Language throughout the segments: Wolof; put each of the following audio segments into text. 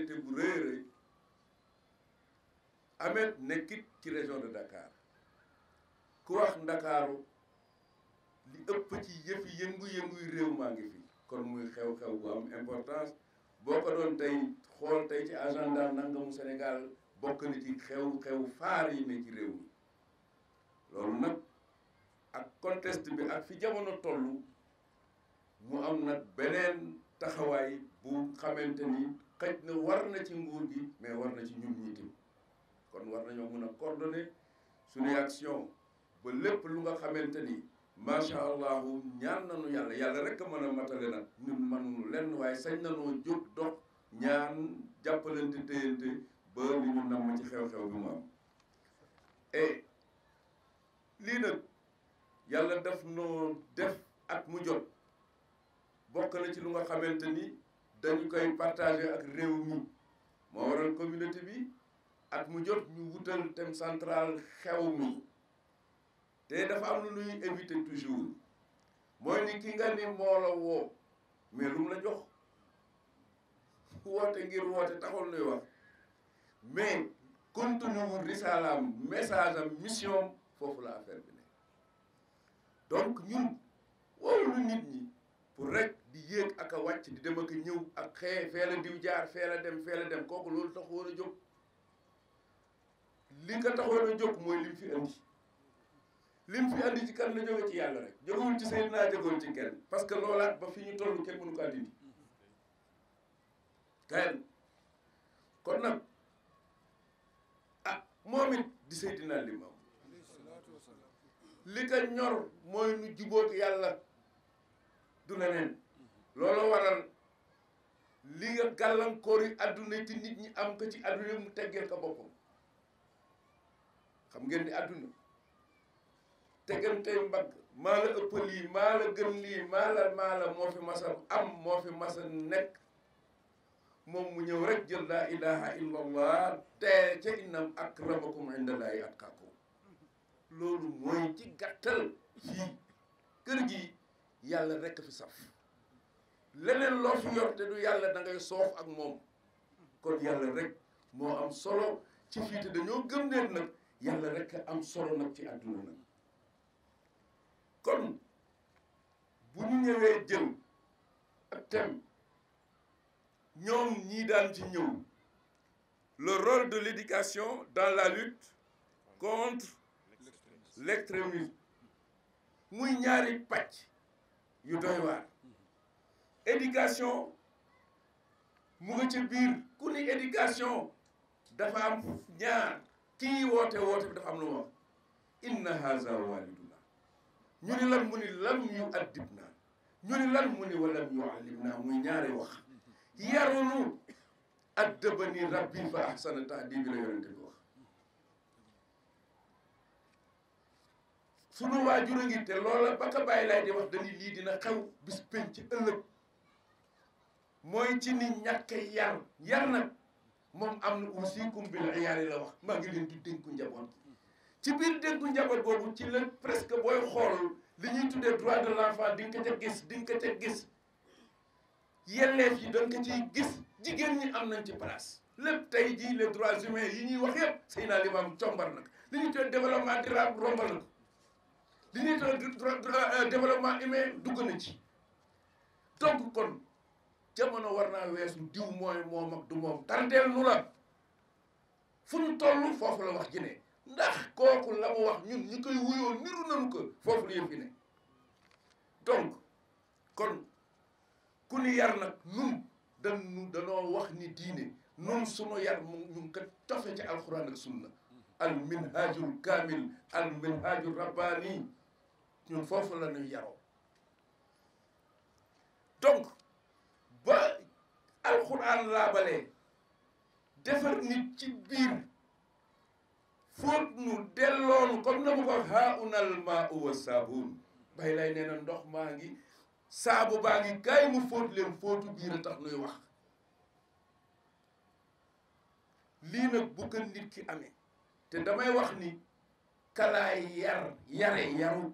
responsabilité bu rëy rëy Ameth nekkit ci région de Dakar ku wax Ndakaaru li ëpp ci yëfi yëngu-yënguy réew maa ngi fi kon muy xew-xew bu am importance boo ko doon tey xool tey ci agenda nangamu Sénégal bokk na ci xew-xew faar yi ne ci réew mi loolu nag ak contexte bi ak fi jamono toll mu am nag beneen taxawaay bu xamante ni xëj na war na ci nguur gi mais war na ci ñun ñi kon war nañoo mën a coordonner suñu action ba lépp lu nga xamante ni macha allahu ñaan nañu yàlla yàlla rek a mën a matale nag ñun mënuñu lenn waaye sañ nanoo jóg dox ñaan jàppalante téyante ba li ñu namm ci xew-xew bi mu lii nag yàlla daf noo def at mu jot bokk na ci lu nga xamante ni dañ koy partager ak réew mi moo waral communauté bi at mu jot ñu wutal thème central xew mi te dafa am lu ñuy invité toujours mooy ni ki nga ni moo la woo mais lu mu la jox woote ngir woote taxul luy wax mais contenu risalaam message am mission foofu la affaire bi ne donc ñun wowlu nit ñi pour rek di yéeg ak a wàcc di dem ak ñëw ak xee fee la diw jaar fee la dem fee la dem kooku loolu taxoon a jóg li nga taxoon a jóg mooy lim fi andi lim fi andi ci kan la jóge ci yàlla rek jógewul ci Seydina jógewul ci kenn parce que loolaat ba fi ñu tollu kenn mënu ko dindi kenn kon nag ah moom it di Seydina Limaamu li ko ñor mooy nu jubóog yàlla du leneen looloo waral li nga gàllankoor yi àdduna te nit ñi am ko ci àdduna mu teggeel ko boppam xam ngeen ni àdduna teggantey mbagg maa la ëpp lii maa la gën lii maa la maa la moo fi masa am moo fi masa nekk moom mu ñëw rek jël laa ilaha illa allah te ca innam akramakum indallahi atqakum loolu mooy ci gàttal fii kër gi yàlla rekk fi saf leneen loo fi yor te du yàlla da ngay soof ak moom kon yàlla rek moo am solo ci fiite te dañoo gëm ne nag yàlla rek am solo nag ci àdduna nag kon bu ñu ñëwee jël ak thème ñoom ñii daan ci ñëw le rôle de l'éducation dans la lutte contre l'extrémisme muy ñaari pàcc yu doy waar éducation mu nga ci biir ku ni éducation dafa am ñaar kii woote woote bi dafa am lu wax inna haza waliduna ñu ni lan mu ni lam yu addib naa ñu ni lan mu ni walam yu allim naa muy ñaari wax yarunu addabani rabbi fa ahsana tahdibi la yonente bi wax sunu waajur a ngi te loola ba ka bàyyi laay di wax dañuy lii dina xew bis penc ëllëg moy ci nit ñàkk yar yar nag moom am na usikum bil iyaali la wax ma ngi leen di denku njabot ci bir denku njabot bobu ci la presque boy xol li ñi tuddé droit de l'enfant di nga ko ca gis di nga ko ca gis yelle yi dañ ko ci gis jigen ñi am nañ ci place lépp tay ji les droits humains yi ñi wax yëpp sëy naa limaam combar li ñuy tuddé développement durable rombal na li ñuy tuddee euh, développement humain dugg na ci donc kon jamono war naa weesu diw mooy moom ak du moom tardeel nu la fu ñu toll foofu la wax ji ndax kooku la mu wax ñun ñu koy wuyoo niru nañu ko foofu la yëpp donc kon ku ni yar nag nun danoo wax ni diine nun sunu yar ñu ngi ko cofe ci alxuraan ak sunna al minhajul kaamil al minhajul rabbaani ñun foofu la ñuy yaroo donc alxuraan laabalee defar nit ci biir fóot nu delloonu comme na mu ko haa unal maa uwa ndox maa ngi saabu baa ngi kaay mu fóot leen fóotu biir a nuy wax lii nag bu ko nit ki amee te damay wax ni kalaay yar yare yaru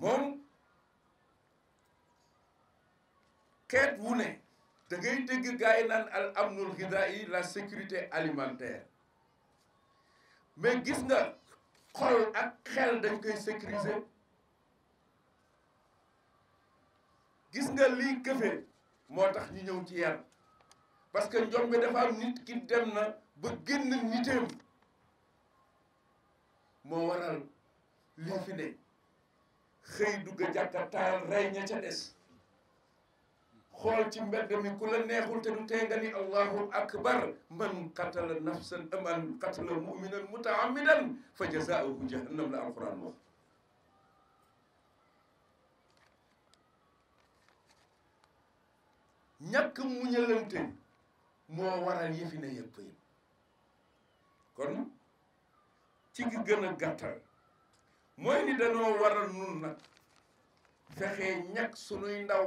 moom xeet wu ne da ngay dégg gars yi naan al amnul xidaa yi la sécurité alimentaire mais gis nga xol ak xel dañ koy sécuriser gis nga lii këfe moo tax ñu ñëw ci yar parce que njom bi dafa am nit ki dem na ba génn niteem moo waral lii fi ne xëy dugg a jàkka taal rey ña ca des xool ci mbedd mi ku la neexul te du tee nga ni allahu akbar man qatala nafsan man qatala muminan mutaamidan fa jazaauhu jahannam la alquran wax ñàkk muñalante moo waral yëfi na yëpp yi kon ci gi gàttal mooy ni danoo waral nun nag fexee ñàkk sunuy ndaw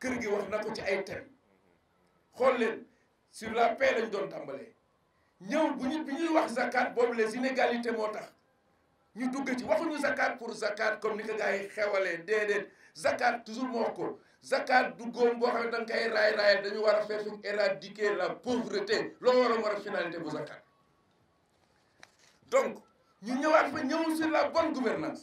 kër gi wax na ko ci ay thèmes xool leen sur la paix lañ doon tàmbalee ñëw bu ñu bi ñuy wax zakat boobu les inégalités moo tax ñu dugg ci waxuñu zakat pour zakat comme ni ko gars yi xewalee déedéet zakat toujours moo ko zakat du góom boo xam ne da nga koy raay raay dañu war a fexe éradiquer la pauvreté loo war a war a finalité bu zakat donc ñu ñëwaat fa ñëwul sur la bonne gouvernance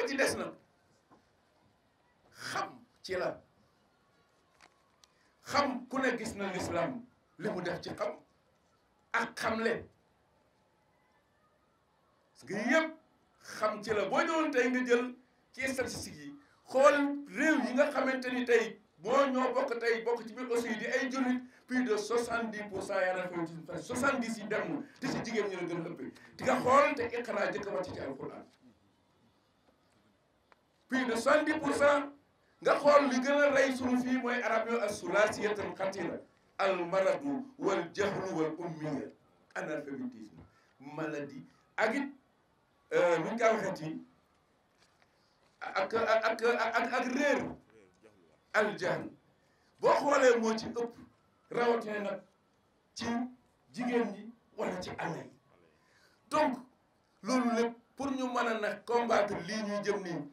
ba ci des nag xam ci la xam ku ne gis na l'islam li mu def ci xam ak xamle parce que yëpp xam ci la boo ñëwoon tey nga jël ci statistiques yi xool réew yi nga xamante ni tey boo ñoo bokk tey bokk ci biir aussi di ay jullit plus de soixante dix pour cent yàlla fay soixante dix yi dem te si jigéen ñi la gën a ëppee di nga xool te iqra jëkk wàcc ci alquran plus de 70 pour cent nga xool li gën a rey sunu fii mooy arab yo assulaasiyatul xatira al maradu wal jahlu wal ummiya analphabétisme maladie ak it euh, nu ñu koy waxeeti ak ak ak ak al jahl boo xoolee moo ci ëpp rawatina nag ci jigéen ñi wala ci àll donc loolu lépp pour ñu mën a nag combattre lii ñuy jëm nii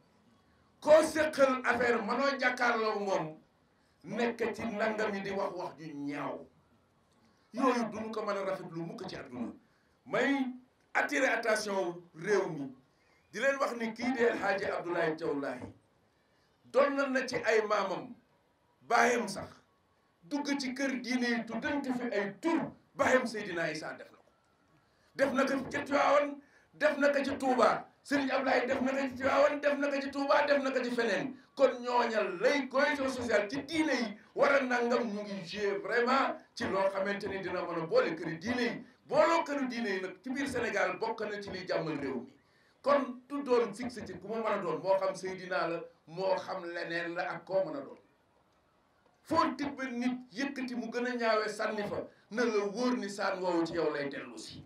koo séqal affaire mënoo jàkkaarloo moom nekk ci nangam yi di wax wax ju ñaaw yooyu duñ ko mën a rafetlu mukk ci àdduna may attirer attention réew mi di leen wax ni kii dee Haaji Abdoulaye Thiaw Laye na ci ay maamam baayam sax dugg ci kër diine yi tuddante fi ay tur baayam Seydina Issa def na ko def na ko ci Tiwaawan def na ko ci Touba. Serigne Ablaye def na ko ci Tivaouane def na ko ci Touba def na ko ci feneen kon ñooñal lay cohésion sociale ci diine yi war a nàngam ñu ngi joué vraiment ci loo xamante ni dina mën a boole këri diine yi booloo këru diine yi nag ci biir Sénégal bokk na ci liy jàmmal réew mi kon tu doon fixé ci ku ma mën a doon moo xam Seydina la moo xam leneen la ak koo mën a doon foo tibb nit yëkkati mu gën a ñaawee sànni fa na la wóor ni saan woowu ci yow lay dellu si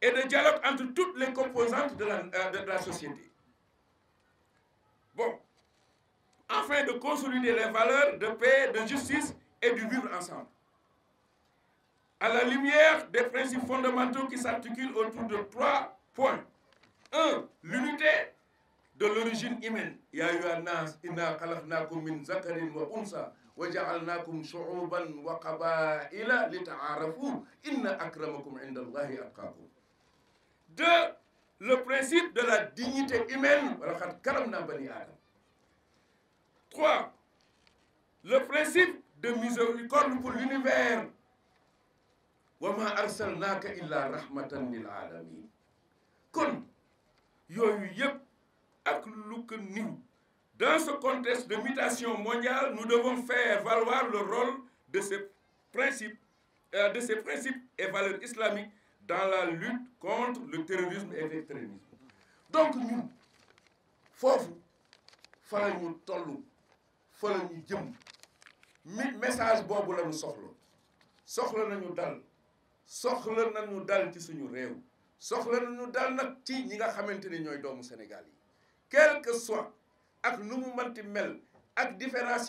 et de dialogue entre toutes les composantes de la, euh, de, la société. Bon, afin de consolider les valeurs de paix, de justice et du vivre ensemble. À la lumière des principes fondamentaux qui s'articulent autour de trois points. un, L'unité de l'origine humaine. Ya inna min zakarin wa unsa, wa deux, le principe de la dignité humaine. Trois, le principe de miséricorde pour l'univers. dans ce contexte de mutation mondiale nous devons faire valoir le rôle de ces principes euh, et valeurs islamiques dans la lutte contre le terrorisme et l'extrémisme donc nous nous ñu jëm message Nous la nous soxla nañu dal soxla nañu dal ci suñu soxla nañu dal ñi nga Sénégal quel que soit ak nu mu manti mel ak différence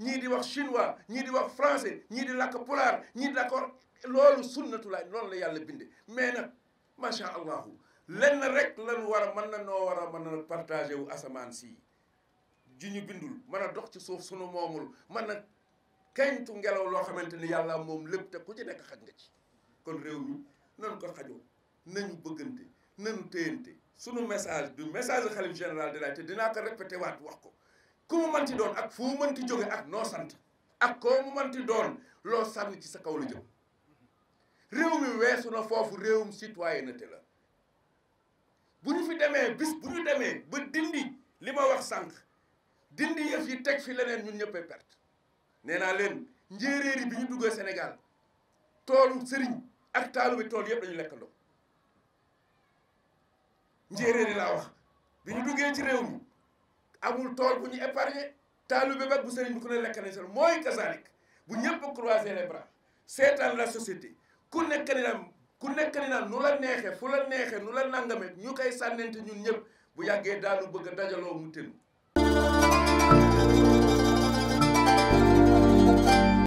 ñii di wax chinois ñii di wax francais ñii di làkk pulaar ñii di làkk loolu sunnatu la loolu la yàlla binde mais nag macha allahu lenn rek lañu war a mën na noo war a mën a partagé wu asamaan si ji ñu bindul mën a dox ci suuf sunu moomul mën a kañtu ngelaw loo xamante ni yàlla moom lépp te ku ci nekk xaj nga ci kon réew mi nañu ko xajoo nañu bëggante nañu téyante sunu message du message xalif général de la te dinaa ko répété waat wax ko ku mu manti doon ak fu mu manti jóge ak noo sant ak koo mu manti doon loo sànni ci sa kaw la jëm réew mi weesu na foofu réewum citoyenneté la bu ñu fi demee bis bu ñu demee ba dindi li ma wax sànq dindi yëf yi teg fi leneen ñun ñëpp perte nee naa leen njéeréer yi bi ñu duggee Sénégal toolu sëriñ ak taalu bi tool yëpp dañu lekkandoo njéeréer yi laa wax bi ñu duggee ci réew mi amul tool bu ñu épargné taalibe ba bu sëriñ bi ko ne lekk nañ seen mooy kasaalik bu ñëpp croiser les bras seetaan la société ku nekk ni naan ku nekk ni naan nu la neexee fu la neexee nu la nangamee ñu koy sànnante ñun ñëpp bu yàggee daanu bëgg a dajaloo mu tënk.